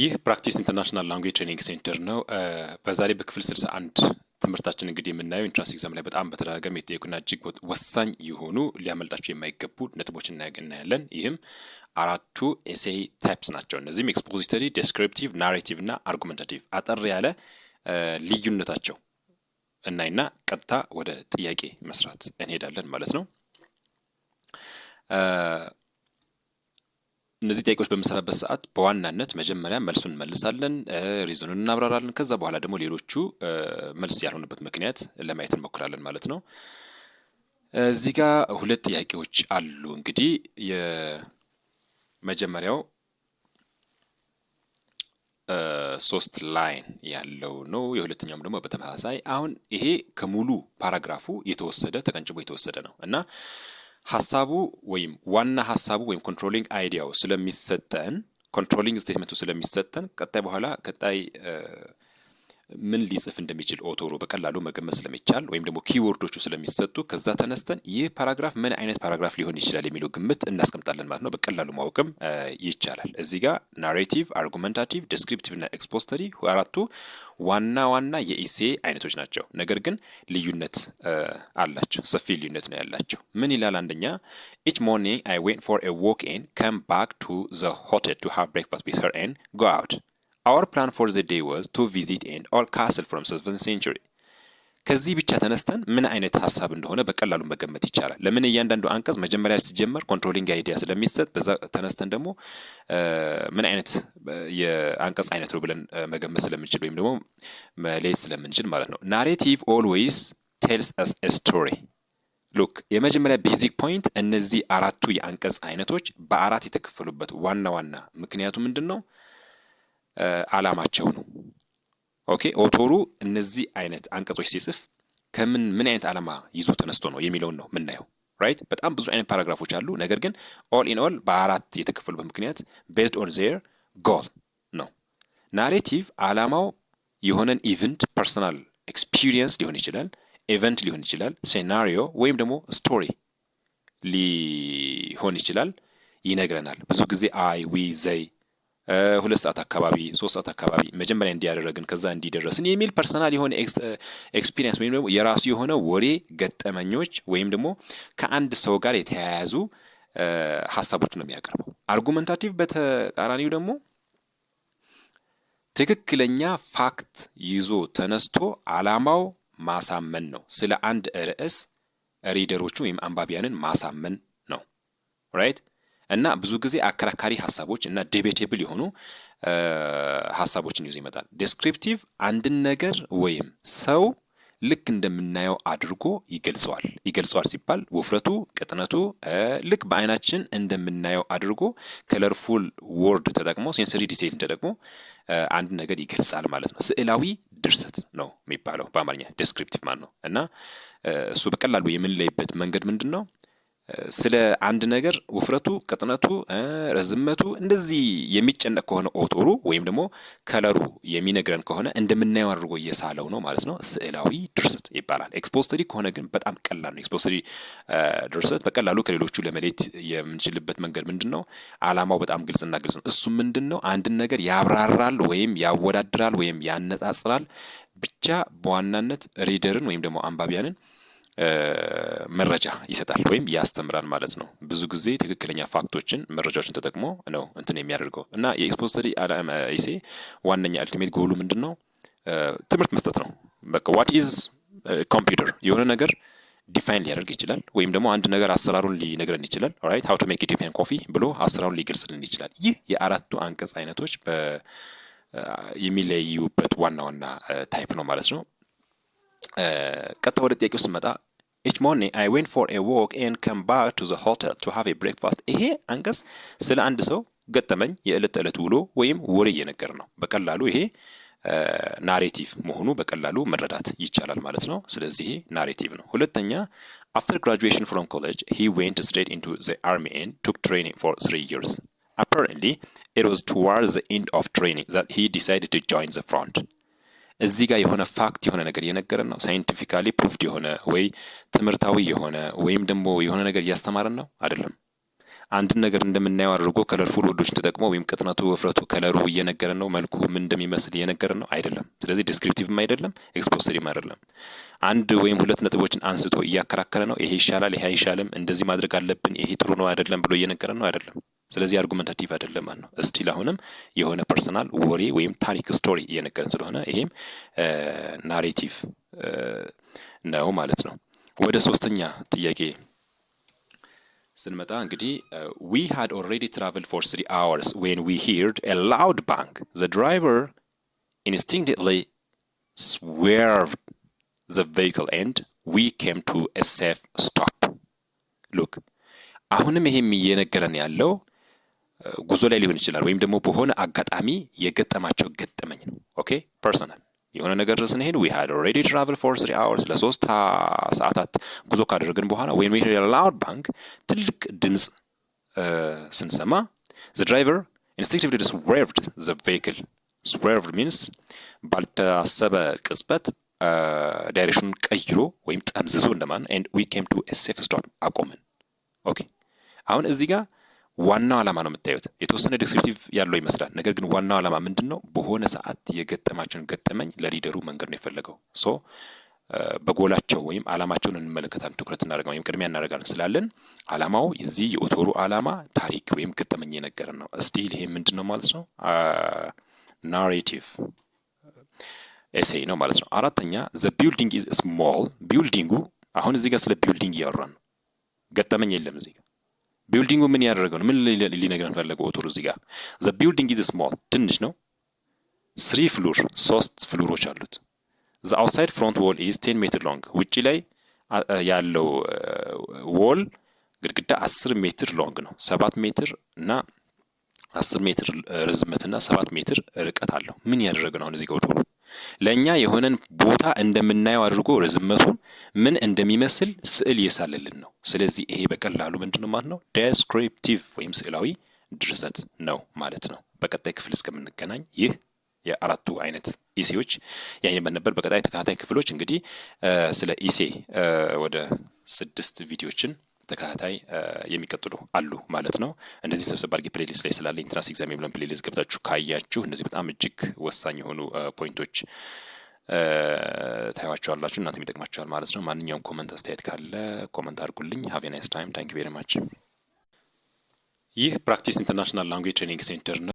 ይህ ፕራክቲስ ኢንተርናሽናል ላንጉጅ ትሬኒንግ ሴንተር ነው። በዛሬ በክፍል ስልሳ አንድ ትምህርታችን እንግዲህ የምናየው ኢንትራንስ ኤግዛም ላይ በጣም በተደጋጋሚ የተጠየቁና እጅግ ወሳኝ የሆኑ ሊያመልጣቸው የማይገቡ ነጥቦች እናያለን። ይህም አራቱ ኤሴይ ታይፕስ ናቸው። እነዚህም ኤክስፖዚተሪ፣ ዴስክሪፕቲቭ፣ ናሬቲቭ እና አርጉመንታቲቭ። አጠር ያለ ልዩነታቸው እናይና ቀጥታ ወደ ጥያቄ መስራት እንሄዳለን ማለት ነው። እነዚህ ጥያቄዎች በምሰራበት ሰዓት በዋናነት መጀመሪያ መልሱን እንመልሳለን፣ ሪዝኑን እናብራራለን። ከዛ በኋላ ደግሞ ሌሎቹ መልስ ያልሆነበት ምክንያት ለማየት እንሞክራለን ማለት ነው። እዚህ ጋር ሁለት ጥያቄዎች አሉ። እንግዲህ የመጀመሪያው ሶስት ላይን ያለው ነው። የሁለተኛውም ደግሞ በተመሳሳይ አሁን ይሄ ከሙሉ ፓራግራፉ የተወሰደ ተቀንጭቦ የተወሰደ ነው እና ሀሳቡ ወይም ዋና ሀሳቡ ወይም ኮንትሮሊንግ አይዲያው ስለሚሰጠን ኮንትሮሊንግ ስቴትመንቱ ስለሚሰጠን ቀጣይ በኋላ ቀጣይ ምን ሊጽፍ እንደሚችል ኦቶሮ በቀላሉ መገመት ስለሚቻል ወይም ደግሞ ኪወርዶቹ ስለሚሰጡ ከዛ ተነስተን ይህ ፓራግራፍ ምን አይነት ፓራግራፍ ሊሆን ይችላል የሚለው ግምት እናስቀምጣለን ማለት ነው። በቀላሉ ማወቅም ይቻላል። እዚህ ጋር ናሬቲቭ፣ አርጉመንታቲቭ፣ ዲስክሪፕቲቭ እና ኤክስፖስተሪ አራቱ ዋና ዋና የኢሴ አይነቶች ናቸው። ነገር ግን ልዩነት አላቸው። ሰፊ ልዩነት ነው ያላቸው። ምን ይላል? አንደኛ ኢች ሞርኒንግ አይ ዌንት ፎር ኤ ዎክ ኤን ከም ባክ ቱ ዘ ሆቴል ቱ ሃቭ ብሬክፋስት ዊዝ ሄር ኤን ጎ አውት አወር ፕላን ፎር ዘ ዴይ ወዝ ቱ ቪዚት ኤንድ ኦል ካስል ፍሮም ሰቨን ሴንቹሪ። ከዚህ ብቻ ተነስተን ምን አይነት ሀሳብ እንደሆነ በቀላሉ መገመት ይቻላል። ለምን እያንዳንዱ አንቀጽ መጀመሪያ ሲጀመር ኮንትሮሊንግ አይዲያ ስለሚሰጥ በዛ ተነስተን ደግሞ ምን አይነት የአንቀጽ አይነት ነው ብለን መገመት ስለምንችል ወይም ደግሞ መለየት ስለምንችል ማለት ነው። ናሬቲቭ ኦልዌይስ ቴልስ አስ ኤ ስቶሪ። ሉክ የመጀመሪያ ቤዚክ ፖይንት፣ እነዚህ አራቱ የአንቀጽ አይነቶች በአራት የተከፈሉበት ዋና ዋና ምክንያቱ ምንድን ነው? አላማቸው ነው። ኦኬ ኦቶሩ እነዚህ አይነት አንቀጾች ሲጽፍ ከምን ምን አይነት ዓላማ ይዞ ተነስቶ ነው የሚለውን ነው የምናየው። ራይት በጣም ብዙ አይነት ፓራግራፎች አሉ። ነገር ግን ኦል ኢን ኦል በአራት የተከፈሉበት ምክንያት ቤዝድ ኦን ዜር ጎል ነው። ናሬቲቭ አላማው የሆነን ኢቨንት ፐርሰናል ኤክስፒሪየንስ ሊሆን ይችላል፣ ኢቨንት ሊሆን ይችላል፣ ሴናሪዮ ወይም ደግሞ ስቶሪ ሊሆን ይችላል። ይነግረናል ብዙ ጊዜ አይ ዊ ዘይ ሁለት ሰዓት አካባቢ ሶስት ሰዓት አካባቢ መጀመሪያ እንዲያደረግን ከዛ እንዲደረስን የሚል ፐርሰናል የሆነ ኤክስፒሪየንስ ወይም ደግሞ የራሱ የሆነ ወሬ ገጠመኞች ወይም ደግሞ ከአንድ ሰው ጋር የተያያዙ ሀሳቦች ነው የሚያቀርበው። አርጉመንታቲቭ በተቃራኒው ደግሞ ትክክለኛ ፋክት ይዞ ተነስቶ አላማው ማሳመን ነው። ስለ አንድ ርዕስ ሪደሮቹ ወይም አንባቢያንን ማሳመን ነው። ራይት እና ብዙ ጊዜ አከራካሪ ሀሳቦች እና ዴቤቴብል የሆኑ ሀሳቦችን ይዞ ይመጣል። ዴስክሪፕቲቭ አንድን ነገር ወይም ሰው ልክ እንደምናየው አድርጎ ይገልጸዋል። ይገልጸዋል ሲባል ውፍረቱ፣ ቅጥነቱ ልክ በአይናችን እንደምናየው አድርጎ ከለርፉል ወርድ ተጠቅሞ ሴንሰሪ ዲቴይል ተጠቅሞ አንድ ነገር ይገልጻል ማለት ነው። ስዕላዊ ድርሰት ነው የሚባለው በአማርኛ ዴስክሪፕቲቭ ማለት ነው። እና እሱ በቀላሉ የምንለይበት መንገድ ምንድን ነው? ስለ አንድ ነገር ውፍረቱ፣ ቅጥነቱ፣ ረዝመቱ እንደዚህ የሚጨነቅ ከሆነ ኦቶሩ ወይም ደግሞ ከለሩ የሚነግረን ከሆነ እንደምናየው አድርጎ እየሳለው ነው ማለት ነው። ስዕላዊ ድርሰት ይባላል። ኤክስፖስተሪ ከሆነ ግን በጣም ቀላል ነው። ኤክስፖስተሪ ድርሰት በቀላሉ ከሌሎቹ ለመሌት የምንችልበት መንገድ ምንድን ነው? አላማው በጣም ግልጽና ግልጽ ነው። እሱም ምንድን ነው? አንድን ነገር ያብራራል ወይም ያወዳድራል ወይም ያነጻጽራል። ብቻ በዋናነት ሪደርን ወይም ደግሞ አንባቢያንን መረጃ ይሰጣል ወይም ያስተምራል ማለት ነው። ብዙ ጊዜ ትክክለኛ ፋክቶችን መረጃዎችን ተጠቅሞ ነው እንትን የሚያደርገው እና የኤክስፖ ስተዲ ዋነኛ አልቲሜት ጎሉ ምንድን ነው? ትምህርት መስጠት ነው። በቃ ዋት ኢዝ ኮምፒውተር የሆነ ነገር ዲፋይን ሊያደርግ ይችላል ወይም ደግሞ አንድ ነገር አሰራሩን ሊነግረን ይችላል። ራይት ሀው ቱ ሜክ ኢትዮጵያን ኮፊ ብሎ አሰራሩን ሊገልጽልን ይችላል። ይህ የአራቱ አንቀጽ አይነቶች የሚለዩበት ዋና ዋና ታይፕ ነው ማለት ነው። ቀጥታ ወደ ጥያቄው ስመጣ ኢች ሞርኒንግ አይ ዌንት ፎር ኤ ዎክ ኤንድ ከም ባክ ቱ ዘ ሆቴል ቱ ሃቭ ኤ ብሬክፋስት። ይሄ አንቀጽ ስለ አንድ ሰው ገጠመኝ የዕለት ተዕለት ውሎ ወይም ወሬ እየነገር ነው። በቀላሉ ይሄ ናሬቲቭ መሆኑ በቀላሉ መረዳት ይቻላል ማለት ነው። ስለዚህ ናሬቲቭ ነው። ሁለተኛ አፍተር ግራጁዌሽን ፍሮም ኮሌጅ ሂ ዌንት ስትሬት ኢንቱ ዘ አርሚ ኤንድ ቱክ ትሬኒንግ ፎር ስሪ ይርስ አፓረንትሊ ኢት ዋዝ ቱዋርድ ዘ ኤንድ ኦፍ ትሬኒንግ ዛት ሂ ዲሳይድድ ቱ ጆይን ዘ ፍሮንት እዚህ ጋር የሆነ ፋክት የሆነ ነገር እየነገረን ነው። ሳይንቲፊካሊ ፕሩፍድ የሆነ ወይ ትምህርታዊ የሆነ ወይም ደግሞ የሆነ ነገር እያስተማረን ነው አይደለም። አንድን ነገር እንደምናየው አድርጎ ከለርፉል ወዶችን ተጠቅሞ ወይም ቅጥነቱ፣ ወፍረቱ፣ ከለሩ እየነገረን ነው። መልኩ ምን እንደሚመስል እየነገረን ነው አይደለም። ስለዚህ ዲስክሪፕቲቭም አይደለም፣ ኤክስፖስተሪም አይደለም። አንድ ወይም ሁለት ነጥቦችን አንስቶ እያከራከረ ነው። ይሄ ይሻላል፣ ይሄ አይሻልም፣ እንደዚህ ማድረግ አለብን፣ ይሄ ጥሩ ነው አይደለም ብሎ እየነገረን ነው አይደለም። ስለዚህ አርጉመንታቲቭ አይደለም ማለት ነው። ስቲል አሁንም የሆነ ፐርሰናል ወሬ ወይም ታሪክ ስቶሪ እየነገረን ስለሆነ ይሄም ናሬቲቭ ነው ማለት ነው። ወደ ሶስተኛ ጥያቄ ስንመጣ እንግዲህ ዊ ሃድ ኦልሬዲ ትራቨልድ ፎር ስሪ አወርስ ዌን ዊ ሂርድ ኤ ላውድ ባንግ ዘ ድራይቨር ኢንስቲንክትሊ ስዌርቭ ዘ ቬሂክል ኤንድ ዊ ኬም ቱ ኤ ሴፍ ስቶፕ ሉክ አሁንም ይሄም እየነገረን ያለው ጉዞ ላይ ሊሆን ይችላል፣ ወይም ደግሞ በሆነ አጋጣሚ የገጠማቸው ገጠመኝ ነው። ኦኬ ፐርሰናል የሆነ ነገር ስንሄድ ዊ ሃድ ኦልሬዲ ትራቨል ፎር ስሪ አወርስ ለሶስት ሰዓታት ጉዞ ካደረግን በኋላ ወይም ይሄ ላውድ ባንክ ትልቅ ድምፅ ስንሰማ ዘ ድራይቨር ኢንስቲንክቲቭሊ ስዌርቭድ ዘ ቬክል ስዌርቭድ ሚንስ ባልተሰበ ቅጽበት ዳይሬክሽኑን ቀይሮ ወይም ጠምዝዞ እንደማን ኤንድ ዊ ኬም ቱ ኤ ሴፍ ስቶፕ አቆምን። ኦኬ አሁን እዚህ ጋር ዋናው ዓላማ ነው የምታዩት። የተወሰነ ዲስክሪፕቲቭ ያለው ይመስላል። ነገር ግን ዋናው ዓላማ ምንድን ነው? በሆነ ሰዓት የገጠማቸውን ገጠመኝ ለሪደሩ መንገድ ነው የፈለገው። ሶ በጎላቸው ወይም ዓላማቸውን እንመለከታለን፣ ትኩረት እናደርጋለን ወይም ቅድሚያ እናደርጋለን ስላለን ዓላማው የዚህ የኦቶሩ ዓላማ ታሪክ ወይም ገጠመኝ የነገረ ነው። ስቲል ይሄ ምንድን ነው ማለት ነው ናሬቲቭ ኤሴይ ነው ማለት ነው። አራተኛ ዘ ቢልዲንግ ኢዝ ስሞል ቢልዲንጉ አሁን እዚህ ጋር ስለ ቢልዲንግ እያወራ ነው። ገጠመኝ የለም እዚህ ቢልዲንጉ ምን ያደረገው ነው? ምን ሊነግረን ፈለገው ኦቶር እዚህ ጋር ዘ ቢልዲንግ ኢዝ ስሞል ትንሽ ነው። ስሪ ፍሉር ሶስት ፍሉሮች አሉት። ዘ አውትሳይድ ፍሮንት ዎል ኢዝ ቴን ሜትር ሎንግ ውጪ ላይ ያለው ዎል ግድግዳ አስር ሜትር ሎንግ ነው። ሰባት ሜትር እና አስር ሜትር ርዝመትና ሰባት ሜትር ርቀት አለው። ምን ያደረገ ነው? እዚህ ጋር ለእኛ የሆነን ቦታ እንደምናየው አድርጎ ርዝመቱን ምን እንደሚመስል ስዕል እየሳለልን ነው። ስለዚህ ይሄ በቀላሉ ምንድነው ማለት ነው ዴስክሪፕቲቭ ወይም ስዕላዊ ድርሰት ነው ማለት ነው። በቀጣይ ክፍል እስከምንገናኝ ይህ የአራቱ አይነት ኢሴዎች ያይንበት ነበር። በቀጣይ ተከታታይ ክፍሎች እንግዲህ ስለ ኢሴ ወደ ስድስት ቪዲዮችን ተከታታይ የሚቀጥሉ አሉ ማለት ነው። እነዚህን ሰብሰብ አድርጌ ፕሌሊስት ላይ ስላለ ኢንትራንስ ኤግዛም ብለን ፕሌሊስት ገብታችሁ ካያችሁ እነዚህ በጣም እጅግ ወሳኝ የሆኑ ፖይንቶች ታያቸዋላችሁ፣ እናንተም ይጠቅማችኋል ማለት ነው። ማንኛውም ኮመንት አስተያየት ካለ ኮመንት አድርጉልኝ። ሃቭ ናይስ ታይም ታንክ ቬሪ ማች። ይህ ፕራክቲስ ኢንተርናሽናል ላንጉጅ ትሬኒንግ ሴንተር ነው።